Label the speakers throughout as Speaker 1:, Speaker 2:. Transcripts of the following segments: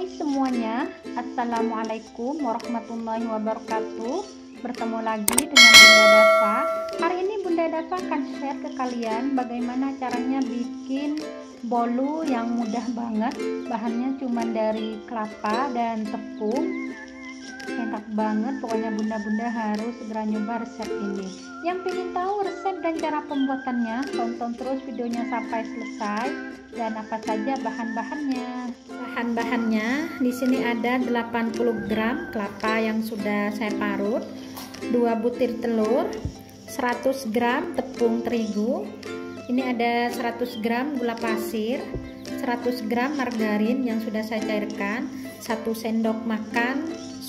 Speaker 1: Hai semuanya, Assalamualaikum warahmatullahi wabarakatuh Bertemu lagi dengan Bunda Dafa Hari ini Bunda Dafa akan share ke kalian bagaimana caranya bikin bolu yang mudah banget Bahannya cuma dari kelapa dan tepung enak banget pokoknya bunda-bunda harus segera nyoba resep ini yang ingin tahu resep dan cara pembuatannya tonton terus videonya sampai selesai dan apa saja bahan-bahannya bahan-bahannya di sini ada 80 gram kelapa yang sudah saya parut 2 butir telur 100 gram tepung terigu ini ada 100 gram gula pasir 100 gram margarin yang sudah saya cairkan 1 sendok makan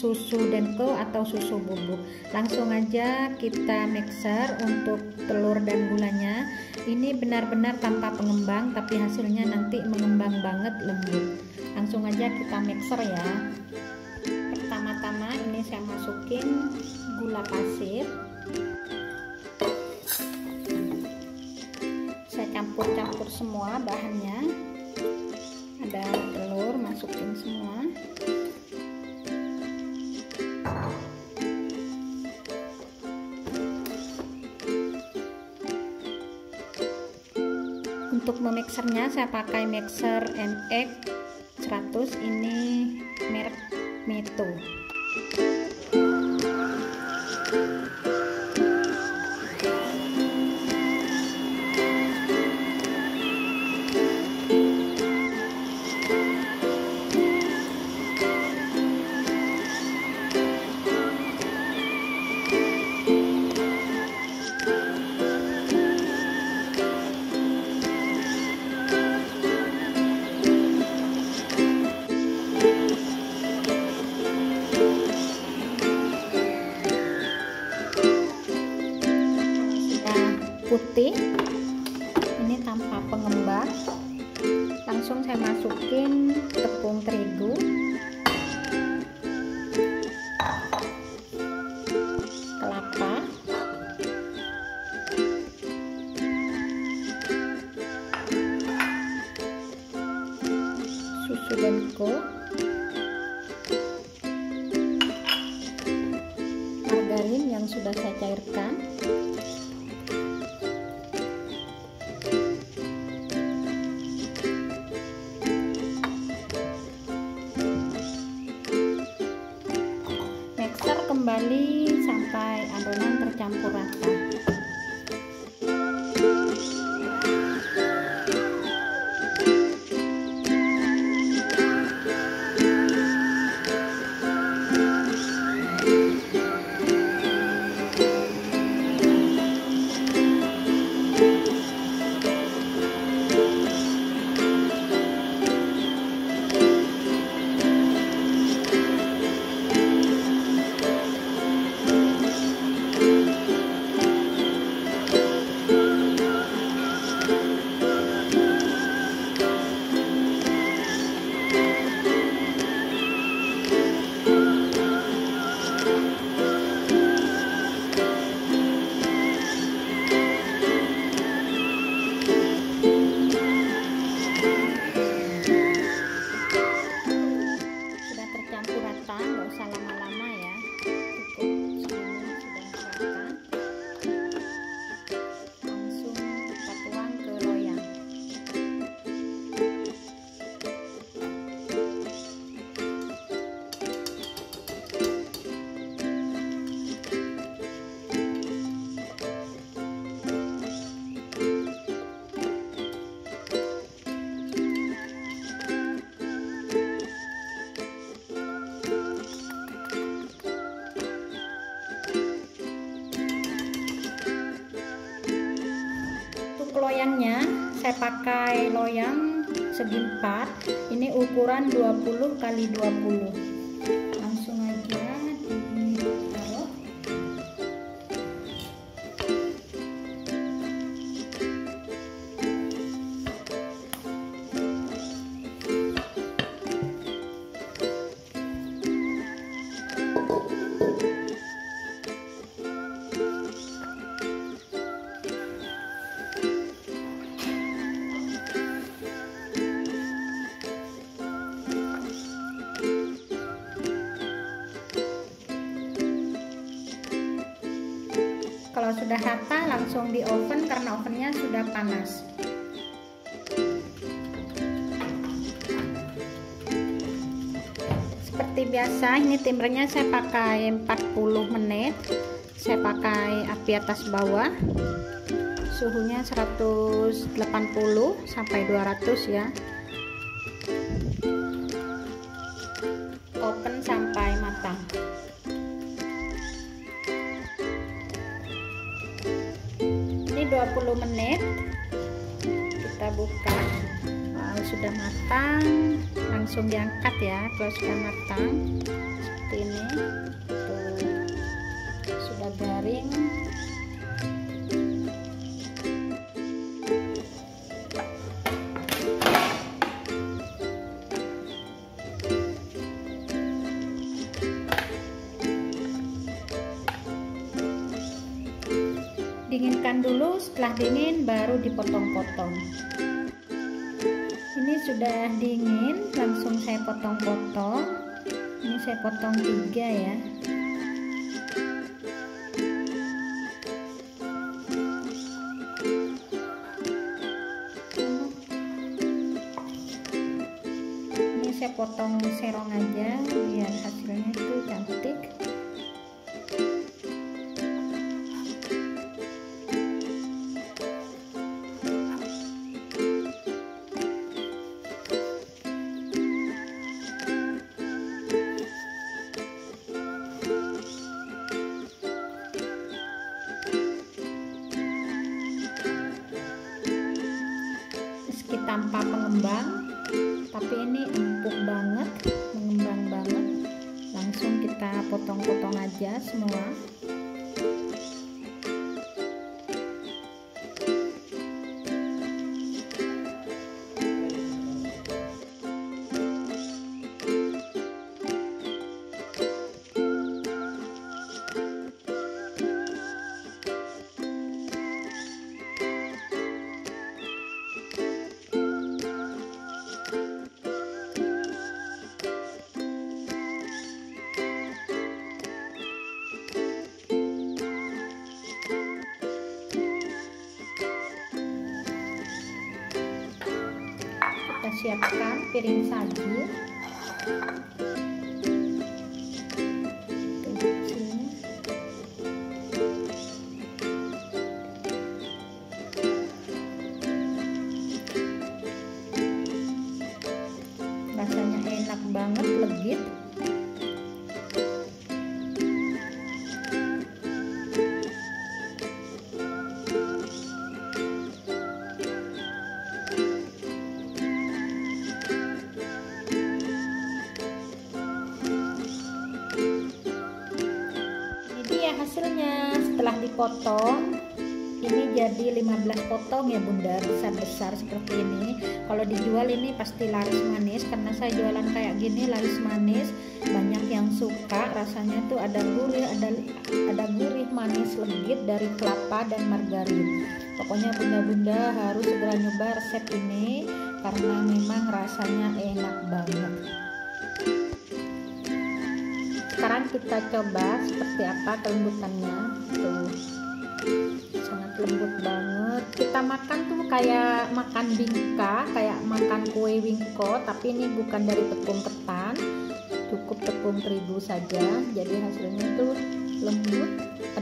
Speaker 1: susu denko atau susu bubuk langsung aja kita mixer untuk telur dan gulanya ini benar-benar tanpa pengembang tapi hasilnya nanti mengembang banget lembut langsung aja kita mixer ya pertama-tama ini saya masukin gula pasir saya campur-campur semua bahannya ada telur masukin semua mixernya saya pakai mixer MX 100 ini merek Meto. putih ini tanpa pengembang langsung saya masukin tepung terigu 咱们走吧。Pakai loyang segi 4. Ini ukuran 20 kali 20. kalau sudah rata langsung di oven karena ovennya sudah panas seperti biasa ini timernya saya pakai 40 menit saya pakai api atas bawah suhunya 180 sampai 200 ya 20 menit kita buka kalau sudah matang langsung diangkat ya kalau sudah matang seperti ini Tuh. sudah garing setelah dingin baru dipotong-potong ini sudah dingin langsung saya potong-potong ini saya potong tiga ya Ini saya potong serong aja biar hasilnya tanpa pengembang tapi ini empuk banget mengembang banget langsung kita potong-potong aja semua siapkan piring sagu rasanya enak banget legit hasilnya setelah dipotong ini jadi 15 potong ya bunda besar-besar seperti ini kalau dijual ini pasti laris manis karena saya jualan kayak gini laris manis banyak yang suka rasanya tuh ada gurih ada ada gurih manis legit dari kelapa dan margarin pokoknya bunda-bunda harus segera nyoba resep ini karena memang rasanya enak banget kita coba seperti apa kelembutannya tuh sangat lembut banget kita makan tuh kayak makan bingka kayak makan kue wingko tapi ini bukan dari tepung ketan cukup tepung terigu saja jadi hasilnya tuh lembut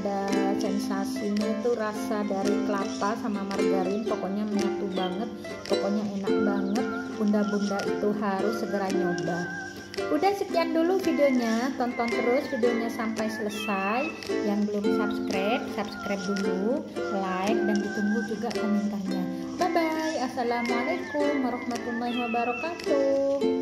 Speaker 1: ada sensasinya tuh rasa dari kelapa sama margarin pokoknya menyatu banget pokoknya enak banget bunda-bunda itu harus segera nyoba Udah sekian dulu videonya, tonton terus videonya sampai selesai. Yang belum subscribe, subscribe dulu, like, dan ditunggu juga komentarnya. Bye-bye, Assalamualaikum warahmatullahi wabarakatuh.